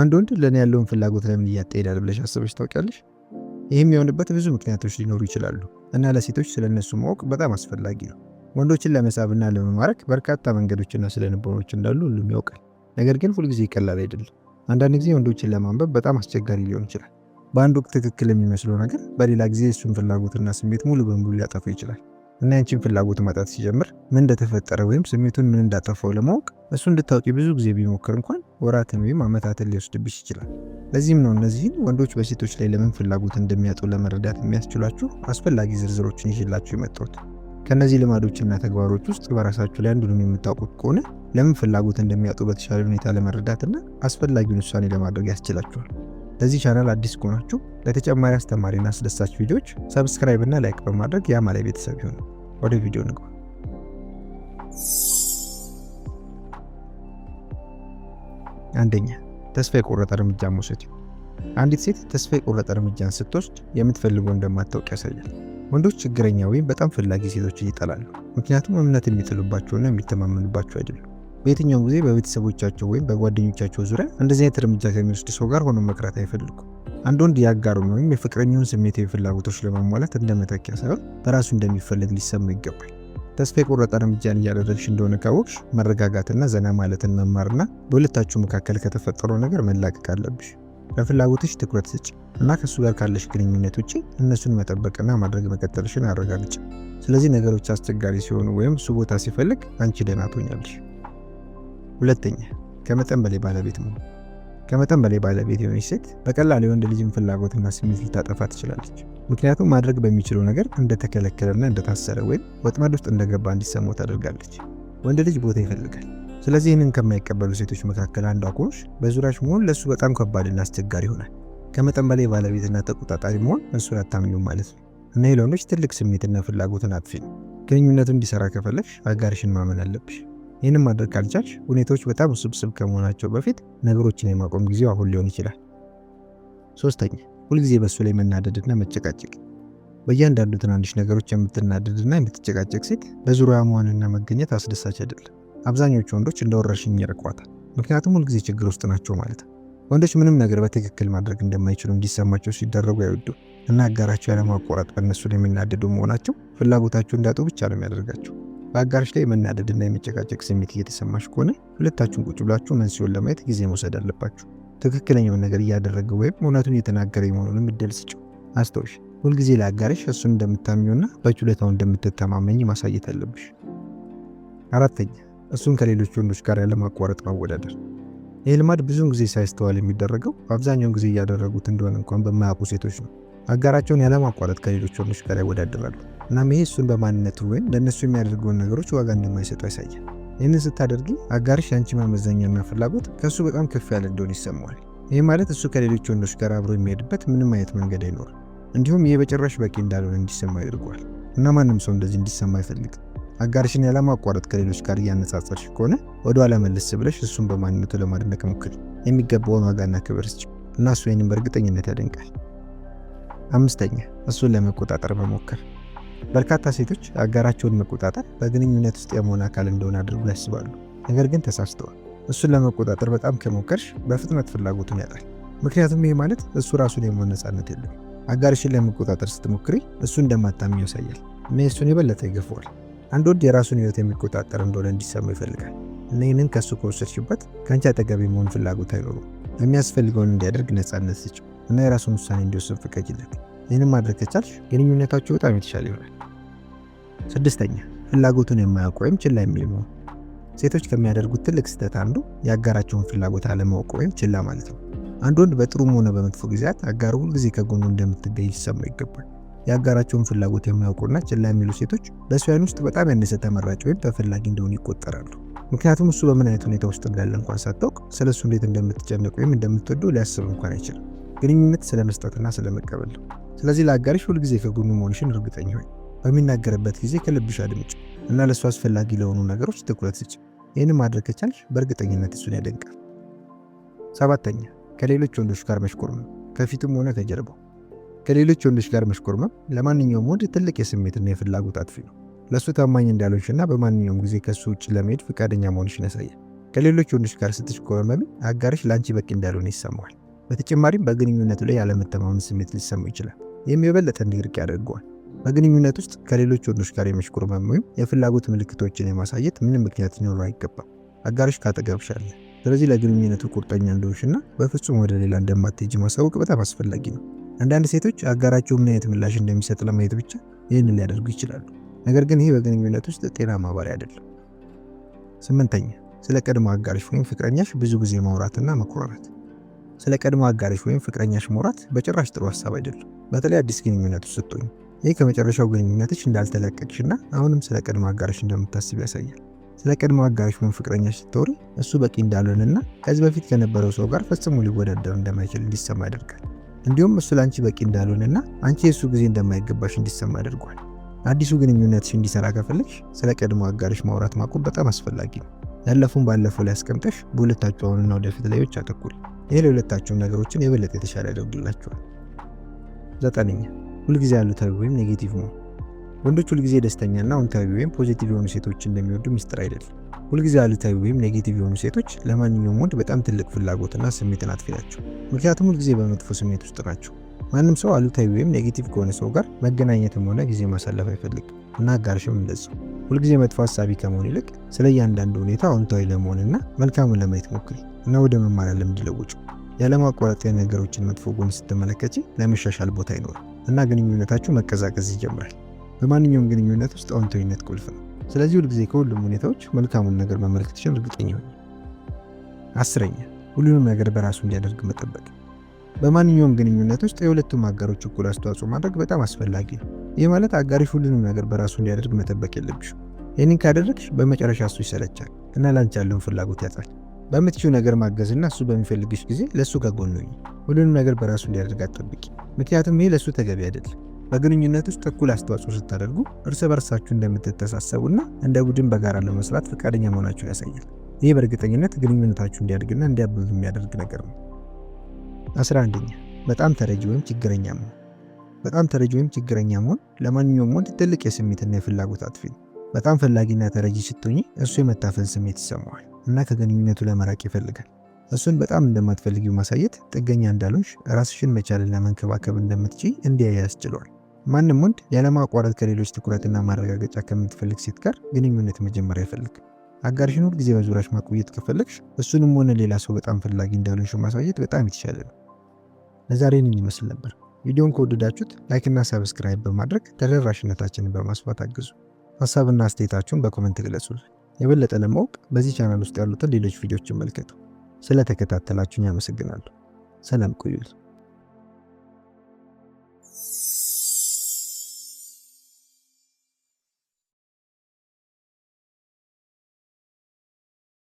አንድ ወንድ ለእኔ ያለውን ፍላጎት ለምን እያጣ ይሄዳል ብለሽ አስበሽ ታውቂያለሽ? ይህም የሆንበት ብዙ ምክንያቶች ሊኖሩ ይችላሉ እና ለሴቶች ስለነሱ ማወቅ በጣም አስፈላጊ ነው። ወንዶችን ለመሳብና ለመማረክ በርካታ መንገዶችና ስነልቦናዎች እንዳሉ ሁሉም ያውቃል። ነገር ግን ሁልጊዜ ቀላል አይደለም። አንዳንድ ጊዜ ወንዶችን ለማንበብ በጣም አስቸጋሪ ሊሆን ይችላል። በአንድ ወቅት ትክክል የሚመስለው ነገር በሌላ ጊዜ እሱን ፍላጎትና ስሜት ሙሉ በሙሉ ሊያጠፉ ይችላል። እና ያንቺን ፍላጎት ማጣት ሲጀምር ምን እንደተፈጠረ ወይም ስሜቱን ምን እንዳጠፋው ለማወቅ እሱ እንድታውቂ ብዙ ጊዜ ቢሞክር እንኳን ወራትን ወይም ዓመታትን ሊወስድብሽ ይችላል። ለዚህም ነው እነዚህን ወንዶች በሴቶች ላይ ለምን ፍላጎት እንደሚያጡ ለመረዳት የሚያስችሏችሁ አስፈላጊ ዝርዝሮችን ይዤላችሁ የመጣሁት። ከእነዚህ ልማዶችና ተግባሮች ውስጥ በራሳችሁ ላይ አንዱንም የምታውቁት ከሆነ ለምን ፍላጎት እንደሚያጡ በተሻለ ሁኔታ ለመረዳትና አስፈላጊውን ውሳኔ ለማድረግ ያስችላችኋል። ለዚህ ቻናል አዲስ ከሆናችሁ ለተጨማሪ አስተማሪና አስደሳች ቪዲዮዎች ሰብስክራይብ እና ላይክ በማድረግ የአማላይ ቤተሰብ ይሁኑ። ወደ ቪዲዮ ንግባ። አንደኛ ተስፋ የቆረጠ እርምጃ መውሰድ። አንዲት ሴት ተስፋ የቆረጠ እርምጃን ስትወስድ የምትፈልገው እንደማታውቅ ያሳያል። ወንዶች ችግረኛ ወይም በጣም ፈላጊ ሴቶችን ይጠላሉ፣ ምክንያቱም እምነት የሚጥሉባቸውና የሚተማመኑባቸው አይደሉም። በየትኛውም ጊዜ በቤተሰቦቻቸው ወይም በጓደኞቻቸው ዙሪያ እንደዚህ አይነት እርምጃ ከሚወስድ ሰው ጋር ሆኖ መቅረት አይፈልጉም። አንድ ወንድ ያጋሩ ወይም የፍቅረኛውን ስሜታዊ ፍላጎቶች ለማሟላት እንደ መተኪያ ሳይሆን በራሱ እንደሚፈለግ ሊሰማ ይገባል። ተስፋ የቆረጠ እርምጃን እያደረግሽ እንደሆነ ካወቅሽ መረጋጋትና ዘና ማለትን መማርና በሁለታችሁ መካከል ከተፈጠረው ነገር መላቀቅ አለብሽ። ለፍላጎትሽ ትኩረት ስጭ እና ከእሱ ጋር ካለሽ ግንኙነት ውጭ እነሱን መጠበቅና ማድረግ መቀጠልሽን አረጋግጭ። ስለዚህ ነገሮች አስቸጋሪ ሲሆኑ ወይም እሱ ቦታ ሲፈልግ አንቺ ደህና ትሆኛለሽ። ሁለተኛ ከመጠን በላይ ባለቤት መሆን። ከመጠን በላይ ባለቤት የሆነች ሴት በቀላሉ የወንድ ልጅን ፍላጎትና ስሜት ልታጠፋ ትችላለች። ምክንያቱም ማድረግ በሚችለው ነገር እንደተከለከለና እንደታሰረ ወይም ወጥመድ ውስጥ እንደገባ እንዲሰማው ታደርጋለች። ወንድ ልጅ ቦታ ይፈልጋል። ስለዚህ ይህንን ከማይቀበሉ ሴቶች መካከል አንዷ ከሆንሽ በዙሪያሽ መሆን ለእሱ በጣም ከባድና አስቸጋሪ ይሆናል። ከመጠን በላይ ባለቤትና ተቆጣጣሪ መሆን እሱን አታምኙም ማለት ነው እና ለወንዶች ትልቅ ስሜትና ፍላጎትን አጥፊ ነው። ግንኙነቱ እንዲሰራ ከፈለግሽ አጋርሽን ማመን አለብሽ። ይህንም ማድረግ ካልቻልሽ ሁኔታዎች በጣም ውስብስብ ከመሆናቸው በፊት ነገሮችን የማቆም ጊዜው አሁን ሊሆን ይችላል። ሶስተኛ ሁልጊዜ በእሱ ላይ መናደድና መጨቃጨቅ። በእያንዳንዱ ትናንሽ ነገሮች የምትናደድና የምትጨቃጨቅ ሴት በዙሪያ መሆንና መገኘት አስደሳች አይደለም። አብዛኞቹ ወንዶች እንደ ወረርሽኝ ይርቋታል፣ ምክንያቱም ሁልጊዜ ችግር ውስጥ ናቸው ማለት ነው። ወንዶች ምንም ነገር በትክክል ማድረግ እንደማይችሉ እንዲሰማቸው ሲደረጉ አይወዱም እና አጋራቸው ያለማቋረጥ በእነሱ ላይ የሚናደዱ መሆናቸው ፍላጎታቸው እንዳጡ ብቻ ነው የሚያደርጋቸው። በአጋርሽ ላይ የመናደድና የመጨቃጨቅ ስሜት እየተሰማሽ ከሆነ ሁለታችሁን ቁጭ ብላችሁ መንስኤውን ለማየት ጊዜ መውሰድ አለባችሁ። ትክክለኛውን ነገር እያደረገ ወይም እውነቱን እየተናገረ መሆኑንም እድል ስጪው። አስታውሽ፣ ሁልጊዜ ለአጋርሽ እሱን እንደምታምኚውና በችሎታው እንደምትተማመኝ ማሳየት አለብሽ። አራተኛ፣ እሱን ከሌሎች ወንዶች ጋር ያለማቋረጥ ማወዳደር። ይህ ልማድ ብዙውን ጊዜ ሳይስተዋል የሚደረገው አብዛኛውን ጊዜ እያደረጉት እንደሆነ እንኳን በማያውቁ ሴቶች ነው። አጋራቸውን ያለማቋረጥ ከሌሎች ወንዶች ጋር ያወዳደራሉ። እናም ይሄ እሱን በማንነቱ ወይም ለእነሱ የሚያደርገውን ነገሮች ዋጋ እንደማይሰጠው ያሳያል። ይህንን ስታደርጊ አጋርሽ የአንቺ ማመዘኛና ፍላጎት ከእሱ በጣም ከፍ ያለ እንደሆነ ይሰማዋል። ይህ ማለት እሱ ከሌሎች ወንዶች ጋር አብሮ የሚሄድበት ምንም አይነት መንገድ አይኖርም። እንዲሁም ይህ በጭራሽ በቂ እንዳልሆነ እንዲሰማ ያደርገዋል። እና ማንም ሰው እንደዚህ እንዲሰማ አይፈልግም። አጋርሽን ያለማቋረጥ ከሌሎች ጋር እያነጻጸርሽ ከሆነ ወደ ኋላ መለስ ብለሽ እሱን በማንነቱ ለማድነቅ ሞክሪ፣ የሚገባውን ዋጋና ክብር ስጭ እና እሱ ይህንን በእርግጠኝነት ያደንቃል። አምስተኛ እሱን ለመቆጣጠር መሞከር በርካታ ሴቶች አጋራቸውን መቆጣጠር በግንኙነት ውስጥ የመሆን አካል እንደሆነ አድርጎ ያስባሉ። ነገር ግን ተሳስተዋል። እሱን ለመቆጣጠር በጣም ከሞከርሽ በፍጥነት ፍላጎቱን ያጣል። ምክንያቱም ይህ ማለት እሱ ራሱን የመሆን ነፃነት የለም። አጋርሽን ለመቆጣጠር ስትሞክሪ እሱ እንደማታሚ ያሳያል እና እሱን የበለጠ ይገፈዋል። አንድ ወንድ የራሱን ህይወት የሚቆጣጠር እንደሆነ እንዲሰማው ይፈልጋል እና ይህንን ከእሱ ከወሰድሽበት ከአንቺ አጠገብ የመሆን ፍላጎት አይኖሩም። የሚያስፈልገውን እንዲያደርግ ነፃነት ስጭው እና የራሱን ውሳኔ እንዲወስን ፍቀጅለት። ይህንን ማድረግ ከቻልሽ ግንኙነታችሁ በጣም የተሻለ ይሆናል። ስድስተኛ ፍላጎቱን የማያውቅ ወይም ችላ የሚል መሆን። ሴቶች ከሚያደርጉት ትልቅ ስህተት አንዱ የአጋራቸውን ፍላጎት አለማወቅ ወይም ችላ ማለት ነው። አንድ ወንድ በጥሩም ሆነ በመጥፎ ጊዜያት አጋሩ ሁልጊዜ ከጎኑ እንደምትገኝ ሊሰማው ይገባል። የአጋራቸውን ፍላጎት የማያውቁና ችላ የሚሉ ሴቶች በሰውያን ውስጥ በጣም ያነሰ ተመራጭ ወይም ተፈላጊ እንደሆኑ ይቆጠራሉ። ምክንያቱም እሱ በምን አይነት ሁኔታ ውስጥ እንዳለ እንኳን ሳታውቅ ስለ እሱ እንዴት እንደምትጨነቅ ወይም እንደምትወደው ሊያስብ እንኳን አይችልም። ግንኙነት ስለ መስጠትና ስለ መቀበል ነው። ስለዚህ ለአጋሪሽ ሁልጊዜ ከጎኑ መሆንሽን እርግጠኝ ሆይ። በሚናገርበት ጊዜ ከልብሽ አድምጭ እና ለእሱ አስፈላጊ ለሆኑ ነገሮች ትኩረት ስጭ። ይህን ማድረግ ከቻልሽ በእርግጠኝነት እሱን ያደንቃል። ሰባተኛ ከሌሎች ወንዶች ጋር መሽኮርመም፣ ከፊትም ሆነ ከጀርባው። ከሌሎች ወንዶች ጋር መሽኮርመም ለማንኛውም ወንድ ትልቅ የስሜትና የፍላጎት አጥፊ ነው። ለእሱ ታማኝ እንዳልሆንሽና በማንኛውም ጊዜ ከእሱ ውጭ ለመሄድ ፈቃደኛ መሆንሽን ያሳያል። ከሌሎች ወንዶች ጋር ስትሽኮረመሚ አጋሪሽ ለአንቺ በቂ እንዳልሆነ ይሰማዋል። በተጨማሪም በግንኙነቱ ላይ ያለመተማመን ስሜት ሊሰማው ይችላል። ይህም የበለጠ እንዲርቅ ያደርገዋል። በግንኙነት ውስጥ ከሌሎች ወንዶች ጋር የመሽኮርመም ወይም የፍላጎት ምልክቶችን የማሳየት ምንም ምክንያት ሊኖረው አይገባም። አጋርሽ ካጠገብሽ አለ። ስለዚህ ለግንኙነቱ ቁርጠኛ እንደሆንሽና በፍጹም ወደ ሌላ እንደማትሄጂ ማሳወቅ በጣም አስፈላጊ ነው። አንዳንድ ሴቶች አጋራቸው ምን አይነት ምላሽ እንደሚሰጥ ለማየት ብቻ ይህንን ሊያደርጉ ይችላሉ። ነገር ግን ይህ በግንኙነት ውስጥ ጤናማ ባህሪ አይደለም። ስምንተኛ ስለ ቀድሞ አጋርሽ ወይም ፍቅረኛሽ ብዙ ጊዜ ማውራትና መኩራራት ስለ ቀድሞ አጋሪሽ ወይም ፍቅረኛሽ መውራት በጭራሽ ጥሩ ሀሳብ አይደለም፣ በተለይ አዲስ ግንኙነት ውስጥ ስትሆኚ። ይህ ከመጨረሻው ግንኙነትሽ ና አሁንም ስለ ቀድሞ አጋሪሽ እንደምታስብ ያሳያል። ስለ ቀድሞ አጋሪሽ ወይም ፍቅረኛሽ ስትወሪ እሱ በቂ እንዳልሆነና ከዚህ በፊት ከነበረው ሰው ጋር ፈጽሞ ሊወዳደር እንደማይችል እንዲሰማ ያደርጋል። እንዲሁም እሱ ለአንቺ በቂ እንዳልሆነና አንቺ የእሱ ጊዜ እንደማይገባሽ እንዲሰማ ያደርጓል። አዲሱ ግንኙነትሽ እንዲሰራ ከፈለግሽ ስለ ቀድሞ አጋርሽ ማውራት ማቆም በጣም አስፈላጊ ነው። ያለፉን ባለፈው ላይ አስቀምጠሽ በሁለታችሁ አሁንና ወደፊት ላዮች አተኩሪ። ይሄ ለሁለታችሁም ነገሮችን የበለጠ የተሻለ ያደርግላችኋል። ዘጠነኛ ሁልጊዜ አሉታዊ ወይም ኔጌቲቭ ነው። ወንዶች ሁልጊዜ ደስተኛና አዎንታዊ ወይም ፖዚቲቭ የሆኑ ሴቶች እንደሚወዱ ሚስጥር አይደለም። ሁልጊዜ አሉታዊ ወይም ኔጌቲቭ የሆኑ ሴቶች ለማንኛውም ወንድ በጣም ትልቅ ፍላጎትና ስሜትን ናቸው። ምክንያቱም ሁልጊዜ በመጥፎ ስሜት ውስጥ ናቸው። ማንም ሰው አሉታዊ ወይም ኔጌቲቭ ከሆነ ሰው ጋር መገናኘትም ሆነ ጊዜ ማሳለፍ አይፈልግም እና አጋርሽም እንደዚያው። ሁልጊዜ መጥፎ ሀሳቢ ከመሆን ይልቅ ስለ እያንዳንዱ ሁኔታ አዎንታዊ ለመሆንና መልካሙን ለማየት ሞክሬ እና ወደ መማሪያ ልምድ ለውጩ። ያለማቋረጥ የነገሮችን መጥፎ ጎን ስትመለከች ለመሻሻል ቦታ አይኖርም እና ግንኙነታችሁ መቀዛቀዝ ይጀምራል። በማንኛውም ግንኙነት ውስጥ አዎንታዊነት ቁልፍ ነው። ስለዚህ ሁልጊዜ ከሁሉም ሁኔታዎች መልካሙን ነገር መመልከትሽን እርግጠኛ ሆኝ። አስረኛ ሁሉንም ነገር በራሱ እንዲያደርግ መጠበቅ። በማንኛውም ግንኙነት ውስጥ የሁለቱም አጋሮች እኩል አስተዋጽኦ ማድረግ በጣም አስፈላጊ ነው። ይህ ማለት አጋሪሽ ሁሉንም ነገር በራሱ እንዲያደርግ መጠበቅ የለብሽም። ይህንን ካደረግሽ በመጨረሻ እሱ ይሰለቻል እና ላንቺ ያለውን ፍላጎት ያጣል። በምትችው ነገር ማገዝና እሱ በሚፈልግሽ ጊዜ ለእሱ ጋር ጎን ሁኚ። ሁሉንም ነገር በራሱ እንዲያደርግ አትጠብቂ፣ ምክንያቱም ይህ ለእሱ ተገቢ አይደለም። በግንኙነት ውስጥ እኩል አስተዋጽኦ ስታደርጉ እርስ በርሳችሁ እንደምትተሳሰቡና እንደ ቡድን በጋራ ለመስራት ፈቃደኛ መሆናችሁን ያሳያል። ይህ በእርግጠኝነት ግንኙነታችሁ እንዲያድግና እንዲያብብ የሚያደርግ ነገር ነው። በጣም ተረጂ ወይም ችግረኛ መሆን። በጣም ተረጂ ወይም ችግረኛ መሆን ለማንኛውም ወንድ ትልቅ የስሜትና የፍላጎት አጥፊ ነው። በጣም ፈላጊና ተረጂ ስትሆኚ እሱ የመታፈን ስሜት ይሰማዋል። እና ከግንኙነቱ ለመራቅ ይፈልጋል። እሱን በጣም እንደማትፈልጊው ማሳየት ጥገኛ እንዳልሆንሽ ራስሽን መቻልና መንከባከብ እንደምትችይ እንዲያይ ያስችለዋል። ማንም ወንድ ያለማቋረጥ ከሌሎች ትኩረትና ማረጋገጫ ከምትፈልግ ሴት ጋር ግንኙነት መጀመር አይፈልግ አጋርሽን ሁልጊዜ በዙሪያሽ ማቆየት ከፈለግሽ እሱንም ሆነ ሌላ ሰው በጣም ፈላጊ እንዳልሆንሽ ማሳየት በጣም የተሻለ ነው። ለዛሬንን ይመስል ነበር። ቪዲዮን ከወደዳችሁት ላይክና ሰብስክራይብ በማድረግ ተደራሽነታችንን በማስፋት አግዙ። ሀሳብና አስተያየታችሁን በኮመንት ግለጹልን። የበለጠ ለማወቅ በዚህ ቻናል ውስጥ ያሉትን ሌሎች ቪዲዮዎችን መልከቱ። ስለተከታተላችሁን ያመሰግናሉ። ሰላም ቆዩት።